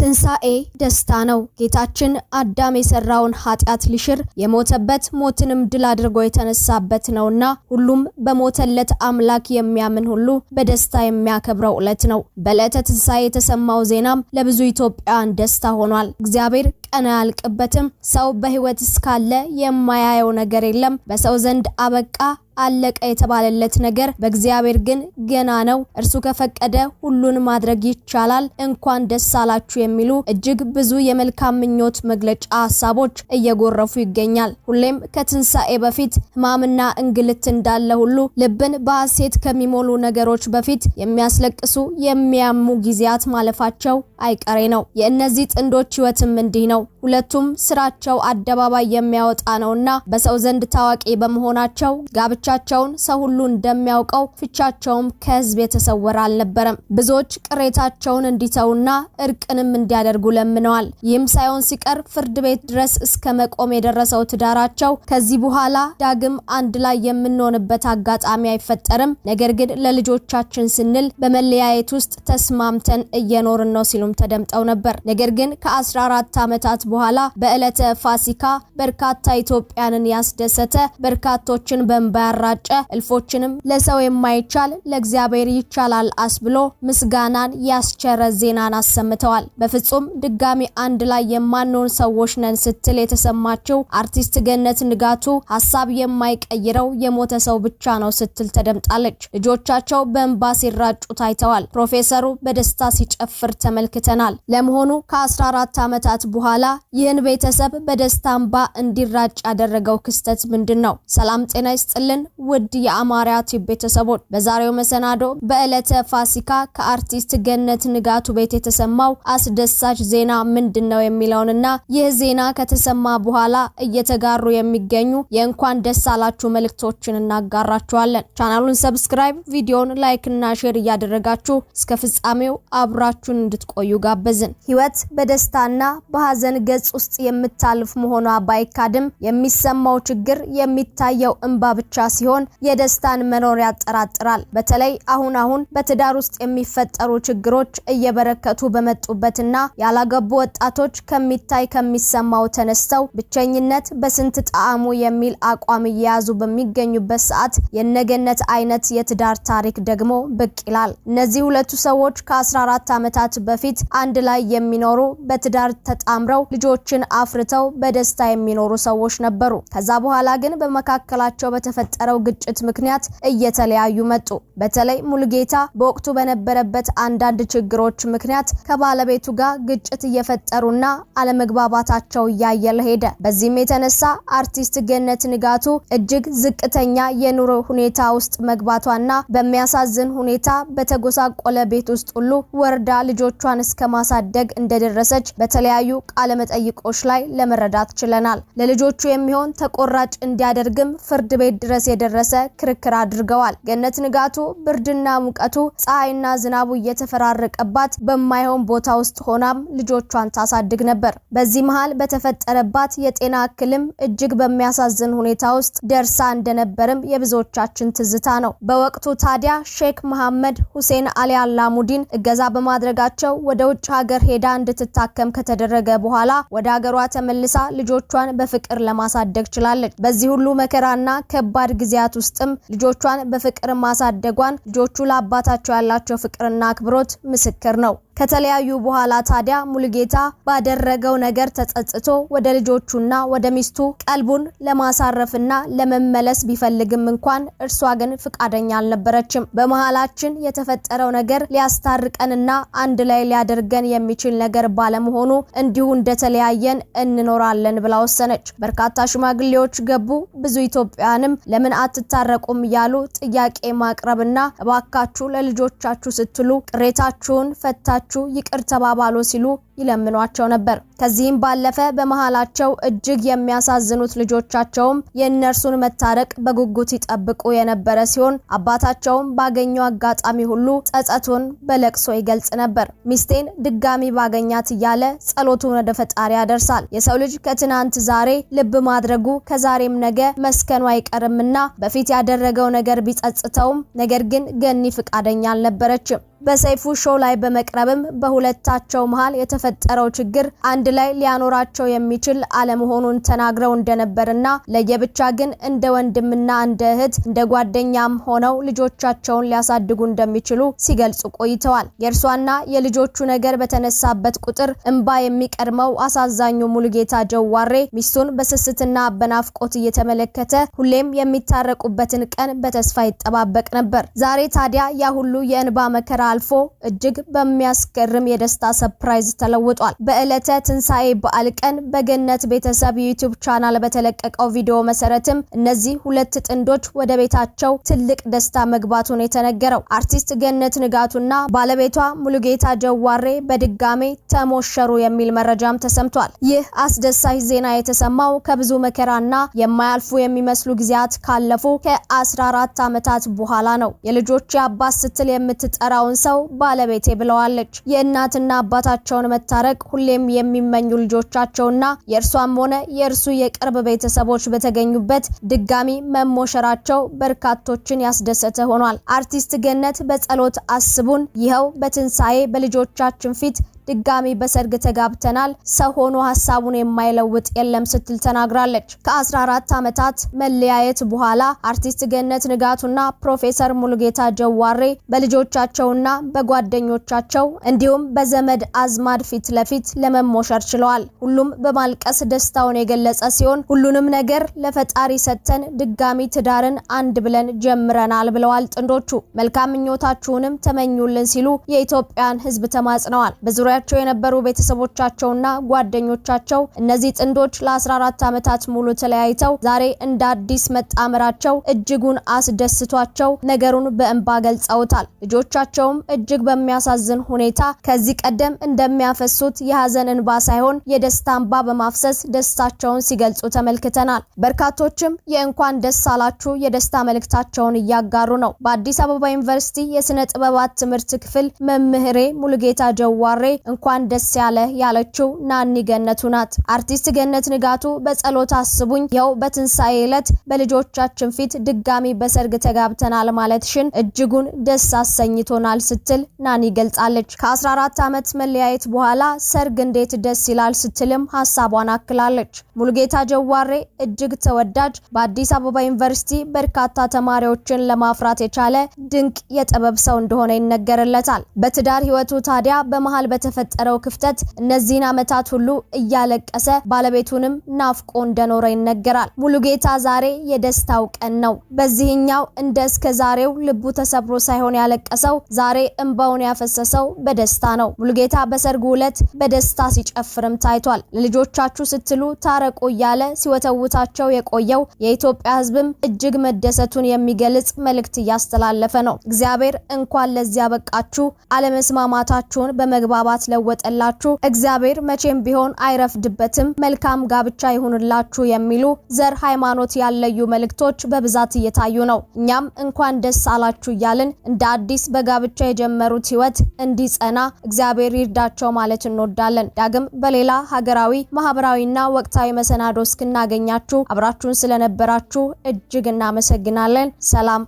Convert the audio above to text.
ትንሣኤ ደስታ ነው። ጌታችን አዳም የሰራውን ኃጢአት ሊሽር የሞተበት ሞትንም ድል አድርጎ የተነሳበት ነውና ሁሉም በሞተለት አምላክ የሚያምን ሁሉ በደስታ የሚያከብረው ዕለት ነው። በዕለተ ትንሣኤ የተሰማው ዜናም ለብዙ ኢትዮጵያውያን ደስታ ሆኗል። እግዚአብሔር ቀን አያልቅበትም። ሰው በሕይወት እስካለ የማያየው ነገር የለም። በሰው ዘንድ አበቃ አለቀ የተባለለት ነገር በእግዚአብሔር ግን ገና ነው። እርሱ ከፈቀደ ሁሉን ማድረግ ይቻላል። እንኳን ደስ አላችሁ የሚሉ እጅግ ብዙ የመልካም ምኞት መግለጫ ሀሳቦች እየጎረፉ ይገኛል። ሁሌም ከትንሣኤ በፊት ሕማምና እንግልት እንዳለ ሁሉ ልብን በሐሴት ከሚሞሉ ነገሮች በፊት የሚያስለቅሱ የሚያሙ ጊዜያት ማለፋቸው አይቀሬ ነው። የእነዚህ ጥንዶች ሕይወትም እንዲህ ነው። ሁለቱም ስራቸው አደባባይ የሚያወጣ ነውና በሰው ዘንድ ታዋቂ በመሆናቸው ጋብቻ ፊቻቸውን ሰው ሁሉ እንደሚያውቀው ፍቻቸውም ከህዝብ የተሰወረ አልነበረም። ብዙዎች ቅሬታቸውን እንዲተውና እርቅንም እንዲያደርጉ ለምነዋል። ይህም ሳይሆን ሲቀር ፍርድ ቤት ድረስ እስከ መቆም የደረሰው ትዳራቸው ከዚህ በኋላ ዳግም አንድ ላይ የምንሆንበት አጋጣሚ አይፈጠርም፣ ነገር ግን ለልጆቻችን ስንል በመለያየት ውስጥ ተስማምተን እየኖርን ነው ሲሉም ተደምጠው ነበር። ነገር ግን ከ14 ዓመታት በኋላ በዕለተ ፋሲካ በርካታ ኢትዮጵያንን ያስደሰተ በርካቶችን በንባ ያራጨ እልፎችንም ለሰው የማይቻል ለእግዚአብሔር ይቻላል አስብሎ ምስጋናን ያስቸረ ዜናን አሰምተዋል። በፍጹም ድጋሚ አንድ ላይ የማንሆን ሰዎች ነን ስትል የተሰማችው አርቲስት ገነት ንጋቱ ሀሳብ የማይቀይረው የሞተ ሰው ብቻ ነው ስትል ተደምጣለች። ልጆቻቸው በእንባ ሲራጩ ታይተዋል። ፕሮፌሰሩ በደስታ ሲጨፍር ተመልክተናል። ለመሆኑ ከ14 ዓመታት በኋላ ይህን ቤተሰብ በደስታ እንባ እንዲራጭ ያደረገው ክስተት ምንድን ነው? ሰላም ጤና ይስጥልን። ቀን ውድ የአማርያ ቲዩብ ቤተሰቦች በዛሬው መሰናዶ በዕለተ ፋሲካ ከአርቲስት ገነት ንጋቱ ቤት የተሰማው አስደሳች ዜና ምንድን ነው የሚለውንና ይህ ዜና ከተሰማ በኋላ እየተጋሩ የሚገኙ የእንኳን ደስ አላችሁ መልእክቶችን እናጋራችኋለን። ቻናሉን ሰብስክራይብ፣ ቪዲዮን ላይክ እና ሼር እያደረጋችሁ እስከ ፍጻሜው አብራችሁን እንድትቆዩ ጋበዝን። ህይወት በደስታና በሀዘን ገጽ ውስጥ የምታልፍ መሆኗ ባይካድም የሚሰማው ችግር የሚታየው እንባ ብቻ ሲሆን የደስታን መኖር ያጠራጥራል። በተለይ አሁን አሁን በትዳር ውስጥ የሚፈጠሩ ችግሮች እየበረከቱ በመጡበትና ያላገቡ ወጣቶች ከሚታይ ከሚሰማው ተነስተው ብቸኝነት በስንት ጣዕሙ የሚል አቋም እየያዙ በሚገኙበት ሰዓት የነገነት አይነት የትዳር ታሪክ ደግሞ ብቅ ይላል። እነዚህ ሁለቱ ሰዎች ከ14 ዓመታት በፊት አንድ ላይ የሚኖሩ በትዳር ተጣምረው ልጆችን አፍርተው በደስታ የሚኖሩ ሰዎች ነበሩ። ከዛ በኋላ ግን በመካከላቸው በተፈጠ በተፈጠረው ግጭት ምክንያት እየተለያዩ መጡ። በተለይ ሙሉጌታ በወቅቱ በነበረበት አንዳንድ ችግሮች ምክንያት ከባለቤቱ ጋር ግጭት እየፈጠሩና አለመግባባታቸው እያየለ ሄደ። በዚህም የተነሳ አርቲስት ገነት ንጋቱ እጅግ ዝቅተኛ የኑሮ ሁኔታ ውስጥ መግባቷና በሚያሳዝን ሁኔታ በተጎሳቆለ ቤት ውስጥ ሁሉ ወርዳ ልጆቿን እስከ ማሳደግ እንደደረሰች በተለያዩ ቃለመጠይቆች ላይ ለመረዳት ችለናል። ለልጆቹ የሚሆን ተቆራጭ እንዲያደርግም ፍርድ ቤት ድረስ የደረሰ ክርክር አድርገዋል። ገነት ንጋቱ ብርድና ሙቀቱ ፀሐይና ዝናቡ እየተፈራረቀባት በማይሆን ቦታ ውስጥ ሆናም ልጆቿን ታሳድግ ነበር። በዚህ መሃል በተፈጠረባት የጤና እክልም እጅግ በሚያሳዝን ሁኔታ ውስጥ ደርሳ እንደነበርም የብዙዎቻችን ትዝታ ነው። በወቅቱ ታዲያ ሼክ መሐመድ ሁሴን አሊ አላሙዲን እገዛ በማድረጋቸው ወደ ውጭ ሀገር ሄዳ እንድትታከም ከተደረገ በኋላ ወደ ሀገሯ ተመልሳ ልጆቿን በፍቅር ለማሳደግ ችላለች። በዚህ ሁሉ መከራና ከባድ ጊዜያት ውስጥም ልጆቿን በፍቅር ማሳደጓን ልጆቹ ለአባታቸው ያላቸው ፍቅርና አክብሮት ምስክር ነው። ከተለያዩ በኋላ ታዲያ ሙሉጌታ ባደረገው ነገር ተጸጽቶ ወደ ልጆቹና ወደ ሚስቱ ቀልቡን ለማሳረፍና ለመመለስ ቢፈልግም እንኳን እርሷ ግን ፍቃደኛ አልነበረችም። በመሃላችን የተፈጠረው ነገር ሊያስታርቀንና አንድ ላይ ሊያደርገን የሚችል ነገር ባለመሆኑ እንዲሁ እንደተለያየን እንኖራለን ብላ ወሰነች። በርካታ ሽማግሌዎች ገቡ። ብዙ ኢትዮጵያንም ለምን ለምን አትታረቁም እያሉ ጥያቄ ማቅረብና እባካችሁ ለልጆቻችሁ ስትሉ ቅሬታችሁን ፈታችሁ ይቅር ተባባሎ ሲሉ ይለምኗቸው ነበር። ከዚህም ባለፈ በመሃላቸው እጅግ የሚያሳዝኑት ልጆቻቸውም የእነርሱን መታረቅ በጉጉት ይጠብቁ የነበረ ሲሆን አባታቸውም ባገኘው አጋጣሚ ሁሉ ጸጸቱን በለቅሶ ይገልጽ ነበር። ሚስቴን ድጋሚ ባገኛት እያለ ጸሎቱን ወደ ፈጣሪ ያደርሳል። የሰው ልጅ ከትናንት ዛሬ ልብ ማድረጉ ከዛሬም ነገ መስከኑ አይቀርምና በፊት ያደረገው ነገር ቢጸጽተውም ነገር ግን ገኒ ፍቃደኛ አልነበረችም። በሰይፉ ሾው ላይ በመቅረብም በሁለታቸው መሀል የተፈጠረው ችግር አንድ ላይ ሊያኖራቸው የሚችል አለመሆኑን ተናግረው እንደነበርና ለየብቻ ግን እንደ ወንድምና እንደ እህት እንደ ጓደኛም ሆነው ልጆቻቸውን ሊያሳድጉ እንደሚችሉ ሲገልጹ ቆይተዋል። የእርሷና የልጆቹ ነገር በተነሳበት ቁጥር እንባ የሚቀድመው አሳዛኙ ሙሉጌታ ጀዋሬ ሚስቱን በስስትና በናፍቆት እየተመለከተ ሁሌም የሚታረቁበትን ቀን በተስፋ ይጠባበቅ ነበር። ዛሬ ታዲያ ያ ሁሉ የእንባ መከራ አልፎ እጅግ በሚያስገርም የደስታ ሰፕራይዝ ተለውጧል። በዕለተ ትንሣኤ በዓል ቀን በገነት ቤተሰብ ዩቲዩብ ቻናል በተለቀቀው ቪዲዮ መሰረትም እነዚህ ሁለት ጥንዶች ወደ ቤታቸው ትልቅ ደስታ መግባቱን የተነገረው አርቲስት ገነት ንጋቱና ባለቤቷ ሙሉጌታ ጀዋሬ በድጋሜ ተሞሸሩ የሚል መረጃም ተሰምቷል። ይህ አስደሳች ዜና የተሰማው ከብዙ መከራና የማያልፉ የሚመስሉ ጊዜያት ካለፉ ከ14 ዓመታት በኋላ ነው። የልጆች አባት ስትል የምትጠራውን ሰው ባለቤቴ ብለዋለች። የእናትና አባታቸውን መታረቅ ሁሌም የሚመኙ ልጆቻቸውና የእርሷም ሆነ የእርሱ የቅርብ ቤተሰቦች በተገኙበት ድጋሚ መሞሸራቸው በርካቶችን ያስደሰተ ሆኗል። አርቲስት ገነት በጸሎት አስቡን፣ ይኸው በትንሣኤ በልጆቻችን ፊት ድጋሚ በሰርግ ተጋብተናል፣ ሰው ሆኖ ሀሳቡን የማይለውጥ የለም ስትል ተናግራለች። ከ14 ዓመታት መለያየት በኋላ አርቲስት ገነት ንጋቱና ፕሮፌሰር ሙሉጌታ ጀዋሬ በልጆቻቸውና በጓደኞቻቸው እንዲሁም በዘመድ አዝማድ ፊት ለፊት ለመሞሸር ችለዋል። ሁሉም በማልቀስ ደስታውን የገለጸ ሲሆን ሁሉንም ነገር ለፈጣሪ ሰጥተን ድጋሚ ትዳርን አንድ ብለን ጀምረናል ብለዋል። ጥንዶቹ መልካም ምኞታችሁንም ተመኙልን ሲሉ የኢትዮጵያን ሕዝብ ተማጽነዋል። በዙሪያ አብረዋቸው የነበሩ ቤተሰቦቻቸውና ጓደኞቻቸው እነዚህ ጥንዶች ለ14 ዓመታት ሙሉ ተለያይተው ዛሬ እንደ አዲስ መጣመራቸው እጅጉን አስደስቷቸው ነገሩን በእንባ ገልጸውታል። ልጆቻቸውም እጅግ በሚያሳዝን ሁኔታ ከዚህ ቀደም እንደሚያፈሱት የሀዘን እንባ ሳይሆን የደስታ እንባ በማፍሰስ ደስታቸውን ሲገልጹ ተመልክተናል። በርካቶችም የእንኳን ደስ አላችሁ የደስታ መልእክታቸውን እያጋሩ ነው። በአዲስ አበባ ዩኒቨርሲቲ የስነ ጥበባት ትምህርት ክፍል መምህሬ ሙሉጌታ ጀዋሬ እንኳን ደስ ያለ ያለችው ናኒ ገነቱ ናት። አርቲስት ገነት ንጋቱ በጸሎት አስቡኝ፣ ይኸው በትንሣኤ ዕለት በልጆቻችን ፊት ድጋሚ በሰርግ ተጋብተናል ማለትሽን እጅጉን ደስ አሰኝቶናል ስትል ናኒ ገልጻለች። ከ14 ዓመት መለያየት በኋላ ሰርግ እንዴት ደስ ይላል ስትልም ሀሳቧን አክላለች። ሙሉጌታ ጀዋሬ እጅግ ተወዳጅ፣ በአዲስ አበባ ዩኒቨርሲቲ በርካታ ተማሪዎችን ለማፍራት የቻለ ድንቅ የጥበብ ሰው እንደሆነ ይነገርለታል። በትዳር ህይወቱ ታዲያ በመሃል በተ በተፈጠረው ክፍተት እነዚህን ዓመታት ሁሉ እያለቀሰ ባለቤቱንም ናፍቆ እንደኖረ ይነገራል። ሙሉጌታ ዛሬ የደስታው ቀን ነው። በዚህኛው እንደ እስከ ዛሬው ልቡ ተሰብሮ ሳይሆን ያለቀሰው ዛሬ እንባውን ያፈሰሰው በደስታ ነው። ሙሉጌታ በሰርጉ ዕለት በደስታ ሲጨፍርም ታይቷል። ለልጆቻችሁ ስትሉ ታረቁ እያለ ሲወተውታቸው የቆየው የኢትዮጵያ ሕዝብም እጅግ መደሰቱን የሚገልጽ መልእክት እያስተላለፈ ነው። እግዚአብሔር እንኳን ለዚያ በቃችሁ፣ አለመስማማታችሁን በመግባባት ስላስለወጠላችሁ እግዚአብሔር መቼም ቢሆን አይረፍድበትም፣ መልካም ጋብቻ ይሁንላችሁ የሚሉ ዘር፣ ሃይማኖት ያለዩ መልእክቶች በብዛት እየታዩ ነው። እኛም እንኳን ደስ አላችሁ እያልን እንደ አዲስ በጋብቻ የጀመሩት ህይወት እንዲጸና እግዚአብሔር ይርዳቸው ማለት እንወዳለን። ዳግም በሌላ ሀገራዊ፣ ማህበራዊና ወቅታዊ መሰናዶ እስክናገኛችሁ አብራችሁን ስለነበራችሁ እጅግ እናመሰግናለን። ሰላም